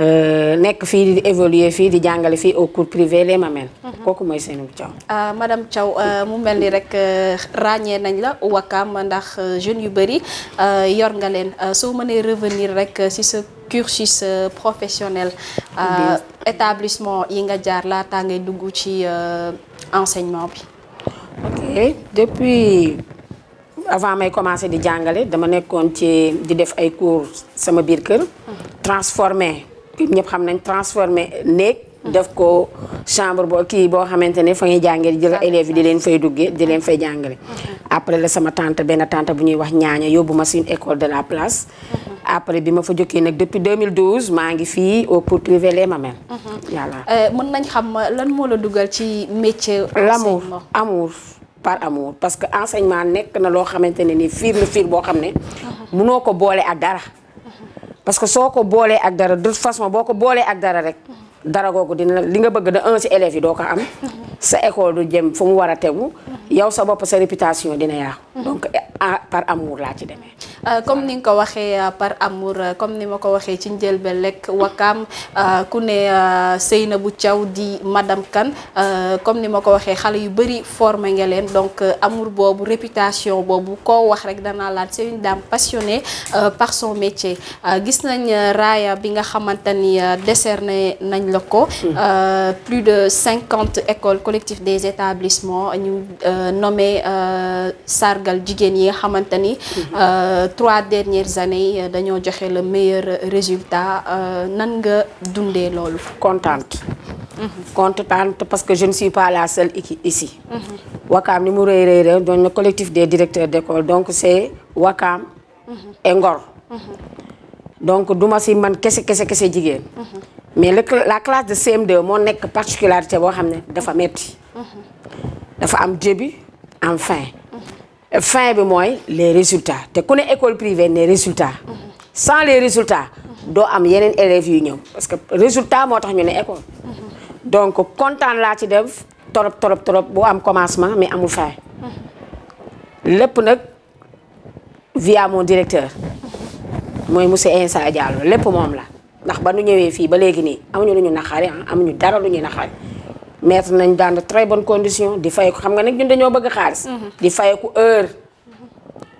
Euh, nek fi di évoluer fi di jàngale fi au cours privé les Mamelles. Mhm. kooku moy Seynabou Thiaw. ah madame Thiaw euh, mu mel ni rek euh, ragné nañ la wakam ndax jeune yu bëri yor nga len so mënee revenir rek ci ce cursus professionnel. établissement yi nga jaar laata ngay dugg ci enseignement bi. ok depuis avant may commencé di jàngale dama nekkoon ci di def ay cours sama biir keur mhm. transformé ñëpp xam nañ transformé néeg def ko chambre bo ki bo xamantene fa ngay jàngale jël élève di leen fay duggé di leen fay jàngale. après la sama tante benn tante bu ñuy wax ñaña yobuma ma une école de la place. après bi ma fa joké nag depuis 2012 ma ngi fi au pour privé les Mamelles. Euh, yàlla mën nañ xam lan mo la duggal ci métier. l'amour amour par amour parce que enseignement nek na lo xamantene ni fiir la fiir bo xamné mëno ko bolé ak dara. parce que soo ko boolee ak dara de toute façon boo ko boolee ak dara rek dara googu dina li nga bëgg da un ci élève yi do ko am sa école du jëm fu mu wara téggu yow sa bop sa réputation dina ya. donc par amour la ci démé euh, comme ni nga ko euh, par amour euh, comme ni ma waxé ci ci njëlbeen lek wakam ku seyna bu Thiaw di madame kan comme ni ma waxé xalé yu bari formé nga leen donc amour bobu réputation bobu ko wax rek danaa la c'est une dame passionnée par son métier gis nañ raaya bi nga xamantani nañ Hmm. Euh, plus de 50 écoles collectives des établissements ñu euh, nommé euh, sargal Djigenye hamantani hmm. trois dernières années dañoo joxe le meilleur résultat nan nga content contente. Hmm. contente parce que je ne suis pas la seule ici. Wakam ni mu nos collectif des directeurs d'école donc c'est Wakam. et Ngor. donc duma si man kese kese kese mais la classe de CM2 mon nekk particularité bo xamné dafa metti dafa am début am fin fin bi moy les résultats té kune école privée né résultats sans les résultats do am yenen élèves yu ñëw parce que résultat motax ñu né école donc kontaan la ci def torop torop torop bo am commencement mais amul fin lepp nak via mon directeur moy monsieur Insa Diallo lepp mom la ndax ba nu ñëwee fii ba léegi nii am ñu lu ñu naxaari ah amuñu dara lu ñuy naxaari mettre nañ dans de très condition di fay ko xam nga nag ñun dañoo bëgg xaalis. Mhm. di fayeku heure.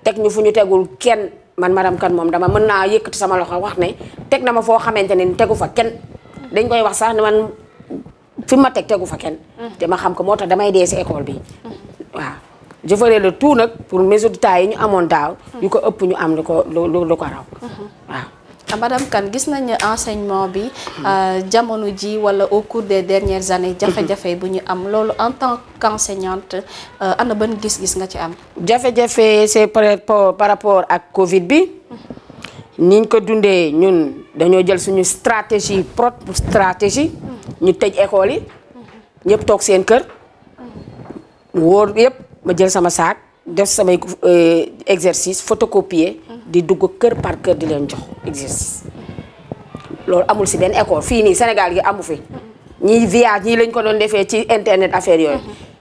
teg ñu fu ñu tegul kenn man madame kan moom dama mën naa yëkkati sama loxo wax ne teg na ma foo xamante ne tegu fa kenn. dañ koy wax sax man fi ma teg tegu fa kenn. Mhm. ma xam ko moo tax damay dee si école bi. waaw je ferai le tout nag pour mes yi ñu amoon daaw. Mhm. yu ko ëpp ñu am lu ko lu ko raw. waaw. madame Kan, gis nañu enseignement bi euh, jamono ji wala au cours des dernières années jafé jafé bu ñu am loolu en tant qu'enseignante euh, ana ban gis-gis nga ci am Jafé jafé c'est par rapport à Covid bi niñ ko dundé ñun dañu jël suñu stratégie propre stratégie ñu tej école yi ñepp tok seen kër wóor yëpp ma jël sama sac def sama euh, exercice photocopier di dugg kër par cœur di leen jox exercice loolu amul si benn école fini Sénégal gi amu fi ñi voyage ñii lañ ko doon defee ci internet affaire yooyu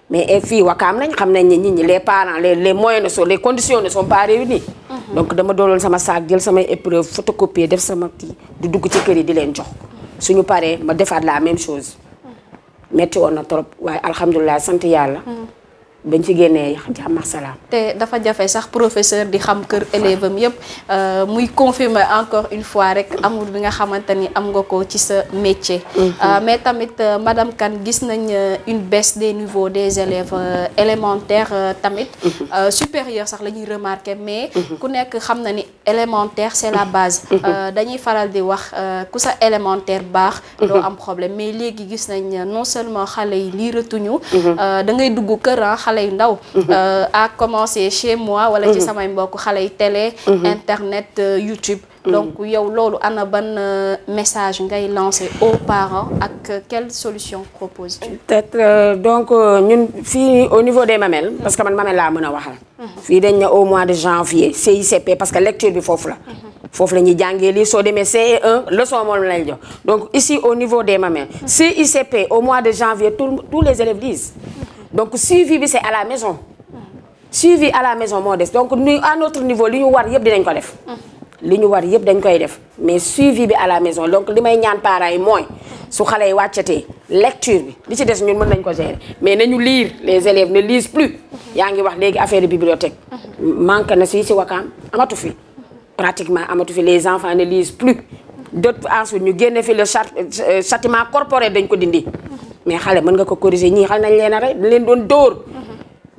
mais eh, fii wakaam nañ xam nañ ni ñi les parents les les moyens ne sont les conditions ne sont pas réunies mhm. donc dama dooloon sama sac jël sama épreuve photocopier def sama ti di dugg ci kër yi di len jox suñu paré ma défat la même chose mhm. metti woon na trop waaye alhamdulilah sant yàlla mhm. Ben ci génnee jàmm ak salaam. te dafa jafé sax professeur di xam kër élève am euh muy confirmer encore une fois rek amul bi nga xamante am nga ko ci sa métier. Mhm. Euh, mais tamit euh, madame kan gis nañ euh, une baisse des niveaux des élèves élémentaires tamit. Mhm. supérieurs, sax lañuy remarquer mais. Mhm. ku nek xam na ni élémentaire c'est la base. dañuy faral di wax ku sa élémentaire bax doo am problème mais légui gis nañ non seulement xalé yi lii rëtuñu. da ngay dugg kër ah, à yu mhm. euh, a commencé chez moi wala ci mhm. samay mbokk télé mhm. internet euh, YouTube donc yow lolu ana ban euh, message ngay lancer aux parents ak quelle solution proposes-tu peut-être donc ñun au niveau des Mamelles parce que man suis là, mëna suis waxal dañ au mois de janvier CICP parce que lecture bi fofu la Fofu la jàngé li so démé des CE1 leçon moom jox donc ici au niveau des Mamelles CICP au mois de janvier tous les élèves disent donc suivi bi c'est à la maison. suivi à la maison modeste. donc nous à notre niveau li ñu war yëpp dinañ ko def. li ñu war yëpp dañ koy def mais suivi bi à la maison donc li may ñaan parents yi mooy su xale yi lecture bi li ci des ñun mën nañ ko gérer mais nañu lire les élèves ne lisent plus. yaa ngi wax léegi affaire bibliothèque. manque na si si wakaam amatu fi pratiquement amatu fi les enfants ne lisent plus. d'autres ensuite ñu génne fi le euh, châtiment corporel dañ ko dindi mais xalé mën nga ko corriger ñii xal nañ leen a dañ leen doon dóor.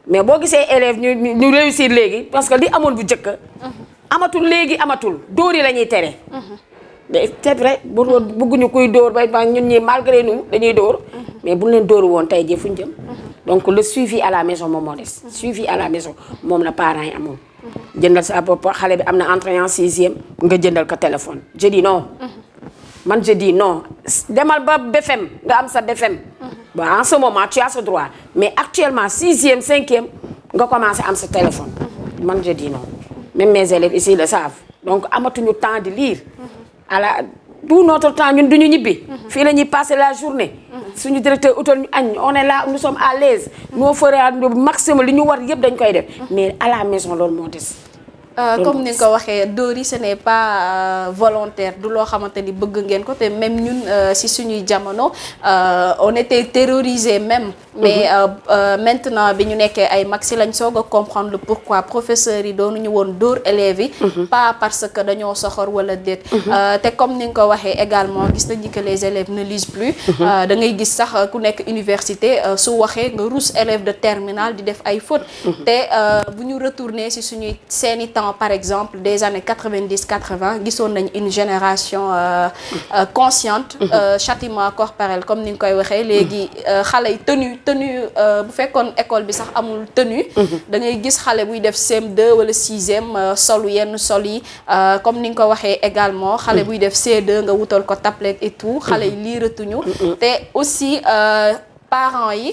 mais bo gisé élève ñu ñu réussir légui parce que li amone bu njëkk. amatul légui amatul dóor yi la ñuy tere. mais c'est vrai bëgguñu kuy dóor bay ba ñun ñi malgré nous dañuy dóor. mais buñ leen dóor woon tay jii fuñ jëm. donc le suivi à la maison moom moo des. suivi à la maison mom la parents yi amoon. jëndal sa bopp xalé bi amna na entrée en sixième nga jëndal ko téléphone je dis non. man je dis non demal ba BFM nga am sa BFM bon bah, en ce moment tu as ce droit mais actuellement sixième cinquième nga à am ce téléphone. man je dis non même mes élèves ici le savent donc amatuñu temps de lire. à la tout notre temps nous, duñu ñibbi. fii la ñuy passer la journée. suñu directeur utal on est là nous sommes à l'aise nous ferons maximum Nous ñu war yëpp dañ koy def. mais à la maison loolu moo des. Euh, comme nous nga dit, waxee ce n'est pas euh, volontaire du loo xamante ni bëgg ko même ñun euh, si suñuy jamono on était terrorisés même mais mhm. maintenant bi ñu nekkee ay mag si lañ comprendre le pourquoi professeurs nous doonuñu woon Dori élèves mhm. pas parce que dañoo soxor wala dette. Mhm. te comme nous nga également gis nañu que les élèves ne lisent plus da ngay gis sax ku nekk université su waxee nga ruus élèves de terminale di def ay fautes te bu retourner si suñuy seeni par exemple des années 90 80 qui sont une génération euh, euh, consciente mhm. euh, châtiment corporel comme ni nga koy waxee léegi tenu mhm. tenu tenue tenue bu fekkoon école bi sax amul tenu, mhm. da ngay gis xale buy def CM2 wala sixième solu yenn sol comme ni dit également les également xale buy def C2 nga wutal ko tablette et tout xale yi liiratuñu et aussi parents yi.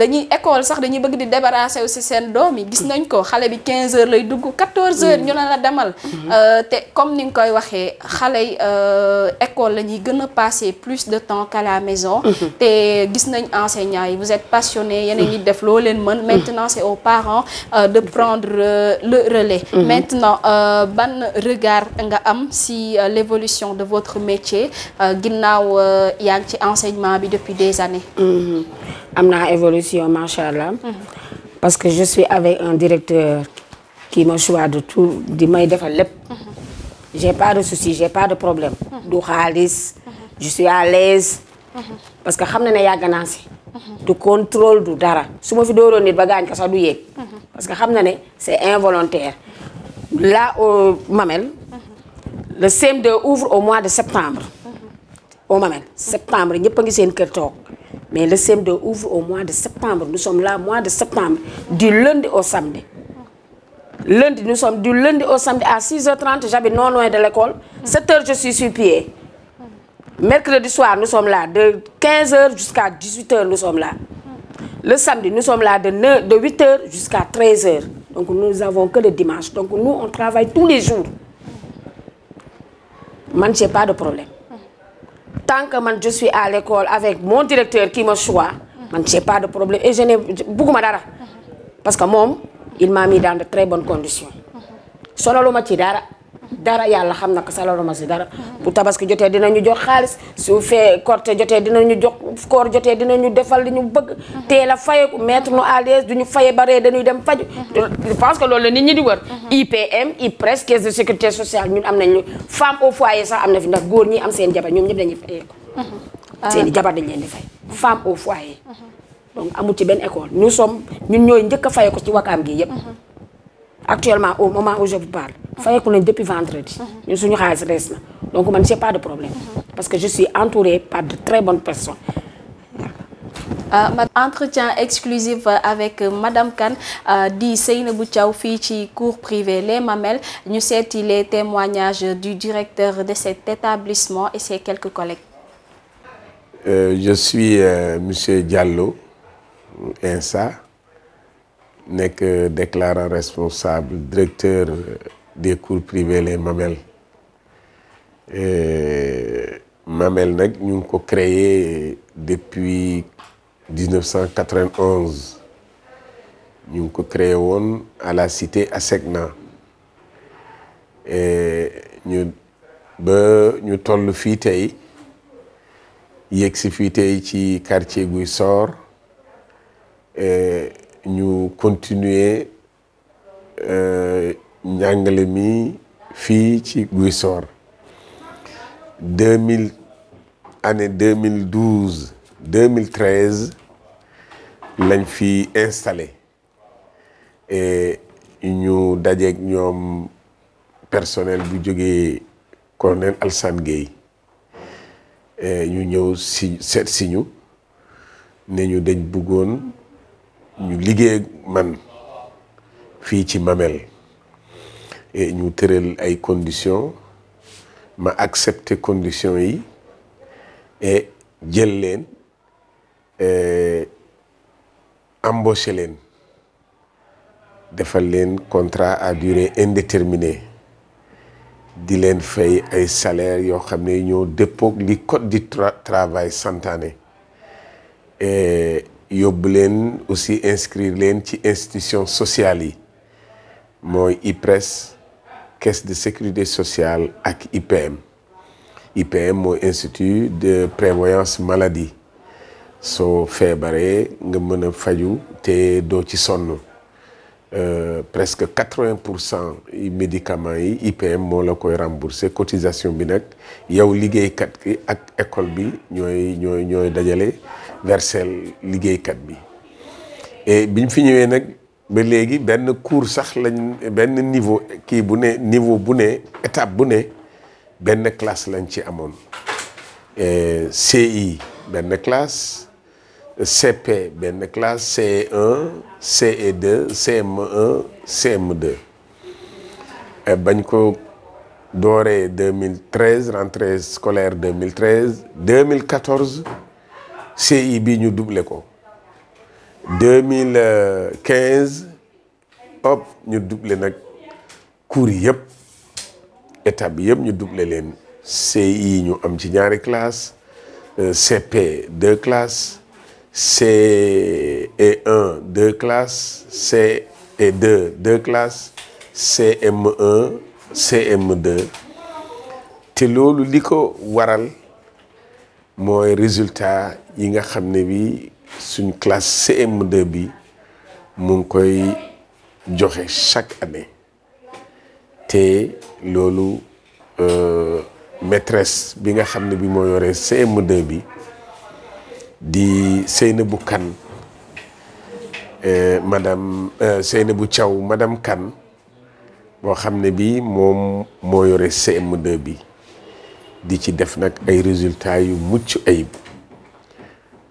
dañuy école sax dañuy bëgg di débarrasser aussi sen doom yi. gis nañ ko xalé bi 15 h lay dugg 14 h ñu la la euh té comme ni nga koy waxé xalé euh école la gëna passer plus de temps qu'à la maison. Mhm. té gis nañ enseignants yi vous êtes passionnés yene a def lo leen mhm. maintenant c'est aux parents euh, de prendre euh, le relais. Mhm. maintenant euh, ban regard nga am si l'évolution de votre métier ginnaw yaa ngi ci enseignement bi depuis des années amna évolution machallah là parce que je suis avec un directeur qui me choisit de tout di may defal lépp. j'ai pas de souci j'ai pas de problème. du je suis à l'aise parce que xam na ne yàgg du contrôle du dara. su fi doro nit ba gaañ ka sax du yéeg. parce que xam ne c'est involontaire. là au Mamel. le CM2 ouvre au mois de septembre au moment, Septembre, n'y a pas de mais le CM2 ouvre au mois de septembre nous sommes là au mois de septembre du lundi au samedi. lundi nous sommes du lundi au samedi à 6h30 j'avais non loin de l'école 7h je suis sur pied. mercredi soir nous sommes là de 15h jusqu'à 18h nous sommes là. le samedi nous sommes là de de 8h jusqu'à 13h donc nous n'avons que le dimanche donc nous on travaille tous les jours man j'ai pas de problème tant que moi je suis à l'école avec mon directeur qui me choisit je n'ai pas de problème et je n'ai beaucoup dara mhm. parce que moi, il m'a mis dans de très bonnes conditions mhm. ma ci dara dara yàlla xam na ko salaruma si dara bu tabaski jotee dinañu jox xaalis su fee korte jotee dinañu jox koor jotee dina ñu defal ñu bëgg teel a fayeku mettre nu à l'aise duñu faye baree dañuy dem faju je que loolu la nit ñi di wër IPM IPRES caisse de sécurité sociale ñun am ñu femme au foyer sax am na fi ndax góor ñi am seen jabar ñoom ñëpp dañuy fayee ko ah. seen jabar dañ leen di fay femme au foyer donc amul ci benn école nous sommes ñun ñooy njëkk faye ko ci wakaam gi yëpp mhm. actuellement au moment où je vous qu'on est depuis vendredi. Nous, suñu xaalis rees na donc man n'ai pas de problème. parce que je suis entouré par de très bonnes personnes. Euh, entretien exclusif euh, avec euh, madame Kane euh, di Seynabou cours privé les Mamelles Nous sommes les témoignages du directeur de cet établissement et ses quelques collègues. je suis monsieur Diallo Insa que déclarant responsable directeur des cours privés les mamelles mamel nous nous créé depuis 1991 Nous avons créé à la cité avons ñu ba ñu toll fii tey yegg si fii quartier guissor Nous ñu continuer euh, njàngale mi fii ci Guissor 2000 année 2012 2013 lañ fi installé et ñu dajeeg ñoom personnel bu jógee colonel Alsane Gueye ñu ñëw si seet si ñu ne ñu dañ bëggoon ñu liggéey man fii ci Mamel et ñu accepté les conditions ma accepter conditions yi et jël euh, embaucher de defal un contrat à durée indéterminée di fait fait ay salaire yo xam ne ñoo d'époque code du travail santané. et yo avons aussi inscrire leen ci institution sociale yi mooy caisse de sécurité sociale et IPM IPM est institut de prévoyance maladie So feebaree nga mën faju te ci euh, presque 80% les médicaments IPM moo la koy remboursé cotisation bi nag yow liggéeykat ki ak école bi ñooy ñooy ñooy dajale versel kat bi et bi fini fi mais ben cours sax lañ niveau qui bu niveau bu étape bu ben classe lañ ci amoon eh, CI classe CP c classe CE1 CE2 CM1 CM2 bañ ko d'oré 2013 rentrée scolaire 2013 2014 CI bi ñu doublé deux mille quinze hop ñu doublé nag cours yi yëpp étape yëpp ñu doublé leen CI ñu am ci ñaari classe euh, CP deux classes CE1 e classes CE2 deux classes CM1 e CM2 te loolu li ko waral mooy résultat yi nga xam ne bi suñ classe cm bi mu ngi koy joxe chaque année te loolu euh, maîtresse bi nga xam ne bi moo yore cm bi di Seynabou Kane euh, madame euh, bu caw madame Kane boo xam ne bi moom moo yore cm bi di ci def nag ay résultats yu mucc ayib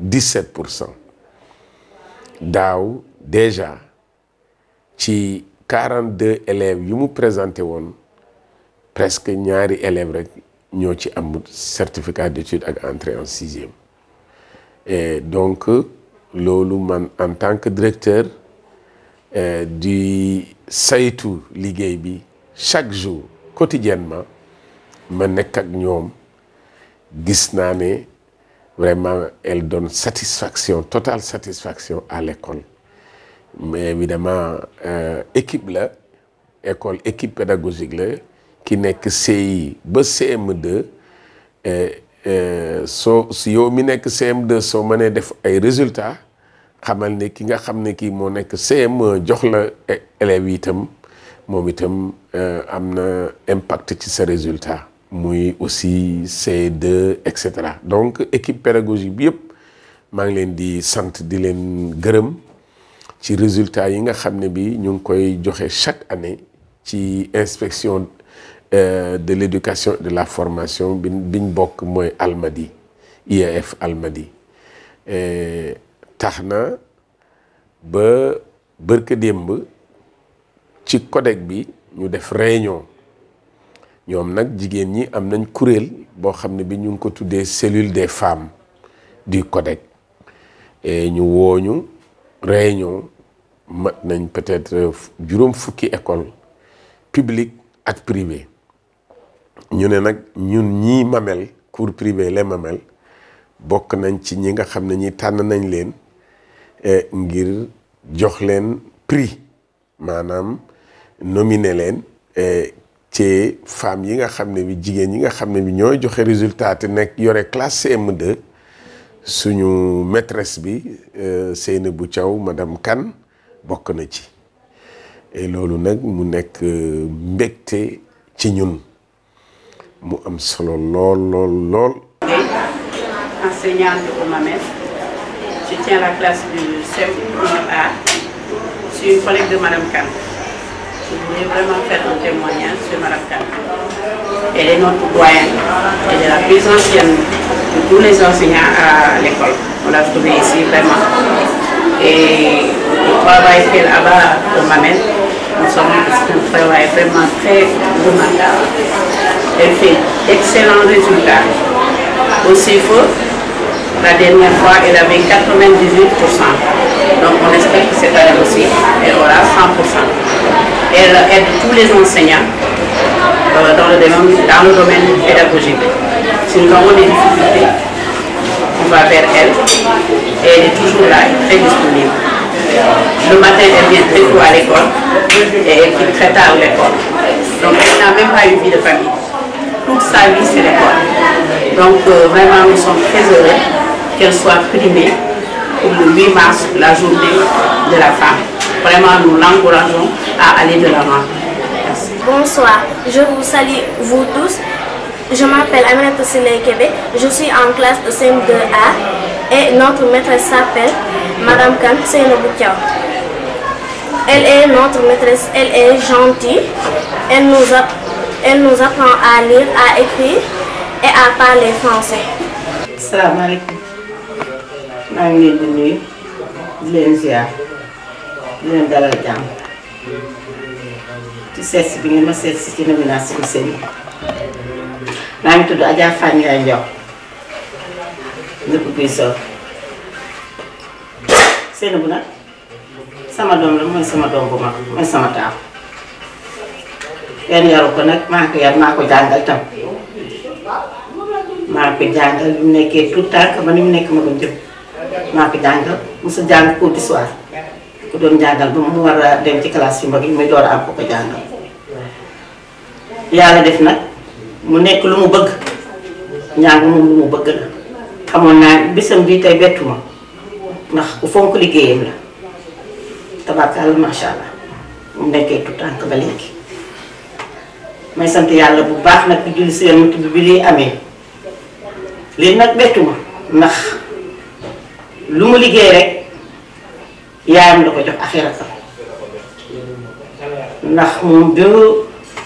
17 D'ailleurs, déjà ci 42 élèves yu nous présenté woon presque ñaari élèves rek ñoo ci am certificat d'études ak entrée en sixième et donc en tant que directeur euh, du Saitou Ligue, chaque jour quotidiennement je suis ak eux. gis naa Vraiment, elle donne satisfaction, totale satisfaction à l'école. Mais évidemment, euh, équipe là, école, équipe pédagogique là, qui n'est que CI, CM2, si on mi que CM2 so, mënee def ay résultats xamal ne ki nga xam ki mo nek cm jox la eh, élèves itam moom itam euh, impact ci ces résultats muy aussi C2 etc. donc équipe pédagogique je vous di résultat yi nga chaque année ci inspection euh, de l'éducation et de la formation qui biñ bokk Almadi IAF Almadi ba ci bi ñu def réunion ñoom nag jigéen ñi am nañ kuréel boo xam ne bi ñu ngi ko tuddee cellule des femmes du CODEC et ñu wooñu réunion mat nañ peut-être juróom fukki école publique ak privée ñu ne nag ñun ñii Mamelles cours privé le mamel bokk nañ ci ñi nga xam ne ñi tànn nañ leen e, ngir jox leen prix maanaam nominé leen e, ci femmes yi nga xamné ne bi jigéen yi nga xamné ne bi ñooy joxe résultat nek yoré classe CM2 suñu maîtresse bi euh Seynabou Thiaw madame Kan bokk na ci et lolu nak mu nek euh, mbékté ci ñun mu am solo lol lol lol enseignante au MAMES. Je tiens la classe du CM1A. c'est une collègue de Madame Kane je voulais vraiment faire un témoignage sur Maracan. Elle est notre doyenne. Elle est la plus ancienne de tous les enseignants à l'école. On l'a trouvée ici vraiment. Et le travail qu'elle a bas ma nous sommes un travail vraiment très remarquable. Elle fait excellent résultat, Aussi faux, la dernière fois, elle avait 98%. Donc on espère que cette année aussi, elle aura 100% elle aide tous les enseignants dans, le domaine, pédagogique. Si nous avons des difficultés, on va vers elle et elle est toujours là, très disponible. Le matin, elle vient très tôt à l'école et elle quitte très tard l'école. Donc elle n'a même pas eu vie de famille. Toute sa vie, c'est l'école. Donc euh, vraiment, nous sommes très heureux qu'elle soit primée pour le 8 mars, la journée de la femme. Vraiment, nous l'encourageons à aller de l'avant. Bonsoir, je vous salue vous tous. Je m'appelle Aminata Sine je suis en classe de 5 2 a et notre maîtresse s'appelle Madame Kan Seynoboukiao. Elle est notre maîtresse, elle est gentille, elle nous, elle nous apprend à lire, à écrire et à parler français. Salam alaikum. di leen dalal jàmm ci seet si bi ngeen ma seet si ci nomination seen ma ngi tudd Adja Fane Ndiaye Ndiaw nëpp kuy seen bu nag sama doom la mooy sama doom bu mag mooy sama taaw kenn yaru ko nag maa ko yar ma ko jàngal tam ma ko jàngal bi mu nekkee tout tànk ma ni mu nekk ma ko jëm maa ko jàngal mu sa jàng cours soir ku doon jàngal ba mu war a dem ci classe yu mag yi muy door am ko ko jàngal yàlla def nag mu nekk lu mu bëgg njàng lu mu bëgg la xamoon naa bisam bii tay bettu ma ndax ku fonk liggéeyam la tabarkaal macha allah mu nekkee tout ba léegi may sant yàlla bu baax nag di julli si yonent bi bi lii amee lii nag bettu ndax lu mu liggéey rek yaayam la ko jox affaire ak ndax moom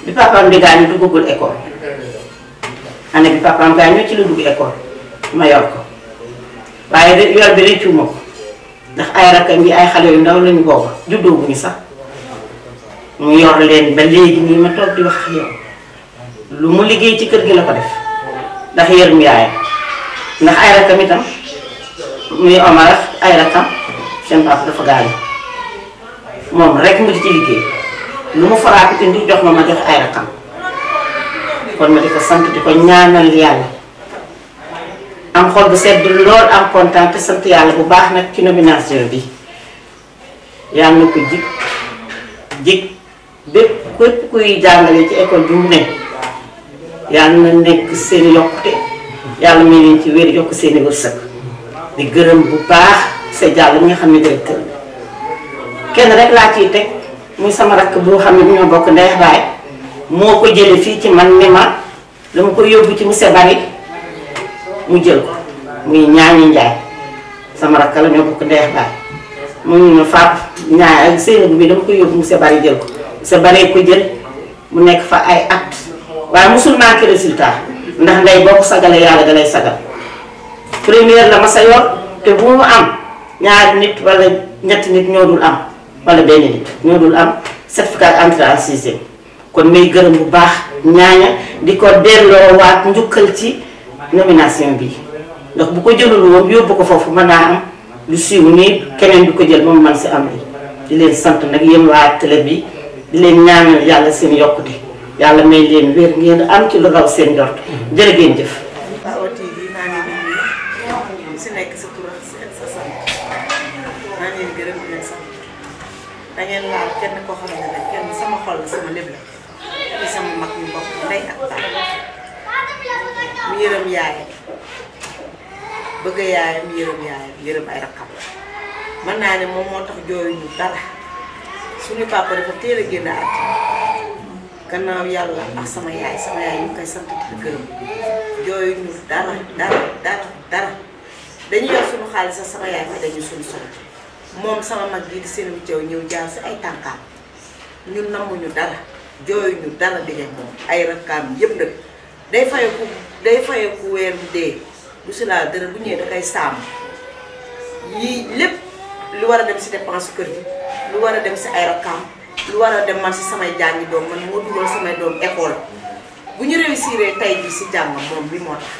bi papa am di gaañu duggagul école ane bi papa am gañu ci lu dugg école ma yor ko waye de yor bi rëccu ma ndax ay rakkam yi ay xalé yu ndaw lañu booba juddoo bu ni sax mu yor leen ba legi nii ma tok di wax yow lu mu liggey ci kër gi la ko def ndax yermiyaay ndax ay rakkam itam muy Omar ay rakkam seen papa dafa gaañu moom rek mu di ci liggéey lu mu faraatu indi jox ma ma jox ay rakam kon ma di ko sant di ko ñaanal yàlla am xol bu sedd lool am kontaan bu baax nag ci bi yàlla na ko jig jig bépp képp kuy jàngale ci école bi mu ne yàlla na nekk seen yokkute yàlla may leen ci wér yokk seen wërsëg di gërëm bu baax. Sey Diallo mi nga xam ne directeur la kenn rek laa ciy teg muy sama rakk boo xam ne ñoo bokk ndeex baay moo ko jële fii ci man ne ma dama ko yóbbu ci monsieur Bari mu jël ko muy ñaañi sama rakk la ñoo bokk ndeex baay mu ñu ma fàpp ñaay ak Bari jël ko monsieur Bari ko jël mu nekk fa ay att waaye musul manqué résultat ndax ndey boo ko sagalee yàlla da lay sagal première la ma sa yor te bu mu am ñaari nit wala ñetti nit ñoo dul am wala benn nit ñoo dul am certificat d'entrée en sixième kon may gërëm bu baax ñaaña di ko delloowaat njukkal ci nomination bi ndax bu ko jëlul woon yóbbu ko foofu mën naa am lu siiw nii keneen du ko jël moom man si am bi di leen sant nag yéen waa tele bi di leen ñaanal yàlla seen yokkute yàlla may leen wér ngeen am ci lu raw seen njort jërë ngeen jëf ngeen laal kenn koo xamante ne kenn sama xol la sama lépp la ci mu yërëm yaayam bëgg yaayam yërëm yaayam yërëm ay rakkam mën naa ne moom moo tax jooyuñu dara suñu papa dafa teel a génn at gannaaw yàlla ak sama yaay sama yaay ñu koy sant di gërëm jooyuñu dara dara dara dara dañu yor suñu xaalis sax sama yaay fa dañu suñu soxla mom sama mag di seen wiccaw ñëw jaar si ay tànkaam ñun ñu dara ñu dara dige mom ay rakam yeb nak day ku day fayeku weer bu dé bu sila dara bu ñew da kay sam yi lepp lu wara dem si dépense kër bi lu wara dem si ay rakam lu wara dem man ci sama jangi doom man mo dugal sama doom école bu ñu réussiré tay si jang mom bi mo tax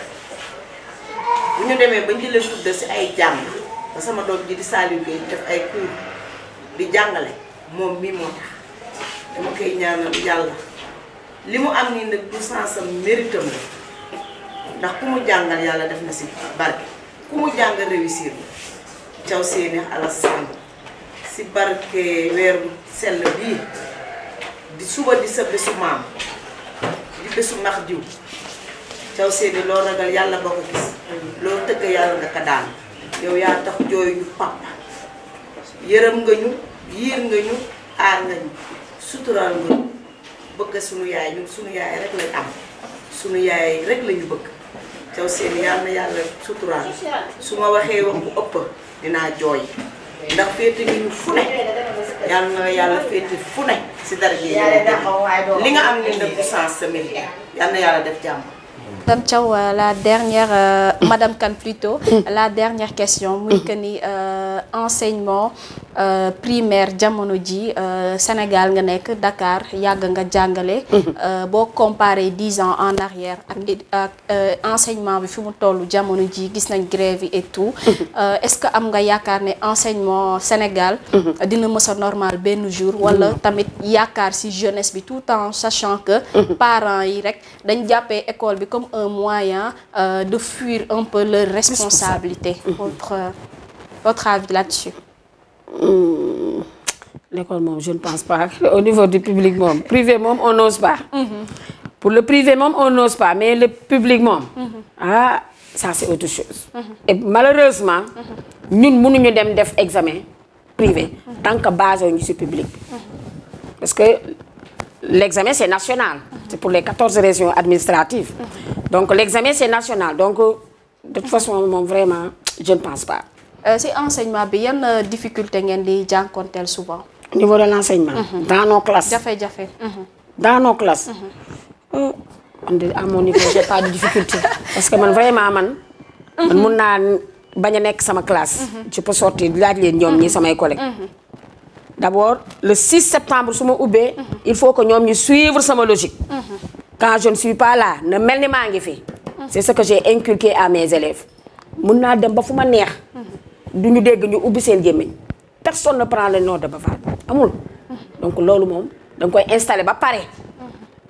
bu ñu jël le tour de si ay jang ba sama doom ji di Saliou Gueye def ay cours di jàngale moom mii moo tax dama koy ñaanal yàlla li mu am nii nag du sansam méritam la ndax ku mu jàngal yàlla def na si barke ku mu jàngal réussir la caw seeni Alassane si barke weeru sell bii di suba di sa bésu maam di bésu nax diw caw seeni loo ragal yàlla boo ko gis loo tëgg yàlla nga ko daan yow yaa tax jooy ñu papa yërëm nga ñu yiir nga ñu aar nga ñu suturaal nga bëgg sunu yaay ñun yaay rek lañ am sunu yaay rek lañu bëgg Thiaw Sène yàlla na yàlla suturaal su ma waxee wax bu ëpp dinaa jooy ndax féete gi ñu fu yàlla na yàlla féete fu ne si dara li nga am ni nag bu sens sa mérite yàlla na yàlla def jàmm Dame Thiaw euh, la dernière euh, Madame Kane plutôt la dernière question muy que ni euh, enseignement euh, primaire jamono ji euh, Sénégal nga Dakar yàgg nga jàngale boo comparé 10 ans en arrière ak enseignement bi fi mu toll jamono ji gis nañ grève et tout est-ce que am nga enseignement Sénégal dina normale, a normal benn jour wala tamit Yakar, si jeunesse bi tout en sachant que parents yi rek dañ école bi comme un moyen euh, de fuir un peu leurs responsabilités. Mhm. Votre, votre avis là-dessus hmm. L'école, je ne pense pas. Au niveau du public, privé, on n'ose pas. Mhm. Pour le privé, on n'ose pas. Mais le public, mhm. ah, ça, c'est autre chose. Et malheureusement, nous, nous ne pouvons pas examen privé tant que base est public. Parce que L'examen, c'est national. C'est pour les 14 régions administratives. Donc, l'examen, c'est national. Donc, euh, de toute façon, vraiment, je ne pense pas. Euh, enseignement, il y a une difficulté que souvent Au niveau de l'enseignement, mhm. dans nos classes. Déjà déjà fait. Dans nos classes. Mhm. Euh, à mon niveau, je n'ai pas de difficulté. Parce que moi, vraiment, je man, mon, pas mhm. a nekk sama classe. je peux sortir laaj leen ñoom ñi collègues d'abord le 6 septembre mhm. il faut que nous suivions suivre sama logique mhm. quand je ne suis pas là ne mel ni pas. ngi mhm. c'est ce que j'ai inculqué à mes élèves Je ne dem ba fu ma neex du dégg personne ne prend le nom de bavard amul donc c'est mom, donc on koy installer ba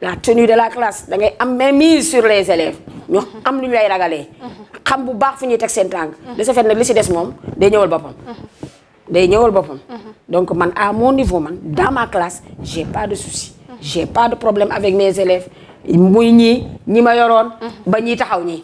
la tenue de la classe da ngay am main sur les élèves ñu am lu ñu lay ragalee xam bu baax fu ñuy teg seen tànk de ce fait nag li ci des moom day ñëwal Mhm. donc man à mon niveau man dans ma classe je n'ai pas de souci. n'ai mhm. pas de problème avec mes élèves muy ñii ñi sont yoroon. Mhm. ba ñii taxaw ne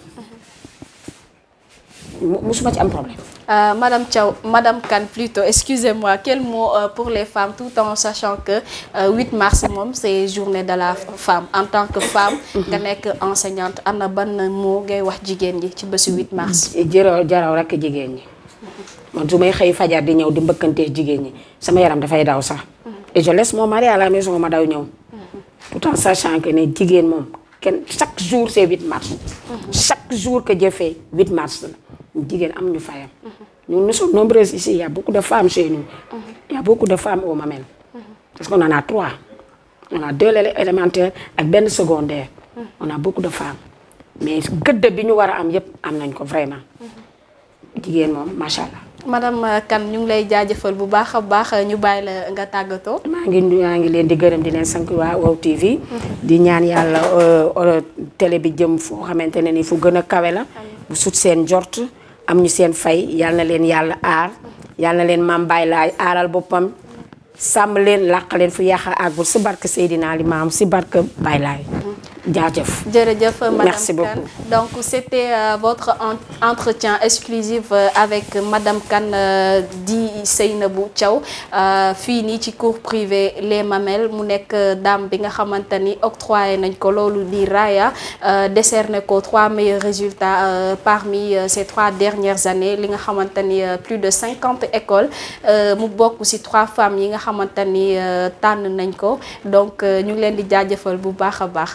musuma pas am problème. Euh, Madame Thiaw Madame Kan, plutôt excusez-moi quel mot euh, pour les femmes tout en sachant que 8 euh, mars c'est c'est journée de la femme en tant que femme. nga nekk enseignante a un ban mot ngay wax jigéen ñi ci 8 mars. Je jaraw rekk 8 mars je me suis dit fajar di ñëw di sama et je laisse mon mari à la maison ma tout en sachant que chaque jour c'est 8 mars. chaque jour que fait 8 mars am ñu nous sommes nombreuses ici il y' a beaucoup de femmes chez nous. il y' a beaucoup de femmes au mamel parce qu'on en a trois. on a deux élémentaires et une secondaire. on a beaucoup de femmes. mais ce bi ñu avons, a am yëpp am nañ ko vraiment. jigéen moom macha madame Kane ñu ngi lay jaajëfal bu baax a baax ñu bàyyi la nga tàggatoo. maa ngi maa ngi leen di gërëm di leen sant waa WOW mhm. di ñaan yàlla euh, euh, télé bi jëm foo xamante ne ni fu gën a kawe la. bu sut seen jort am ñu seen fay yàlla leen yàlla aar. yàlla leen maam bàyyi laay aaral boppam. samlen lakalen fu yàq agul si barke Seydina Limamou si baylay Baye Laye jaajëf jërëjëf merci beaucoup donc c'était euh, votre entretien exclusif euh, avec madame Kane euh, di Seynabou Thiaw euh, fii nii ci cours privé les Mamelles mu nek euh, dame bi nga xamante octroyé nañ ko lolou di raya euh, décerné ko trois meilleurs résultats euh, parmi ces trois dernières années li nga xamante ni plus de 50 écoles euh, mu bokku ci trois femmes yi nga xamante ni euh, tànn nañ ko donc euh, ñu ngi leen di jaajëfal bu baax a baax.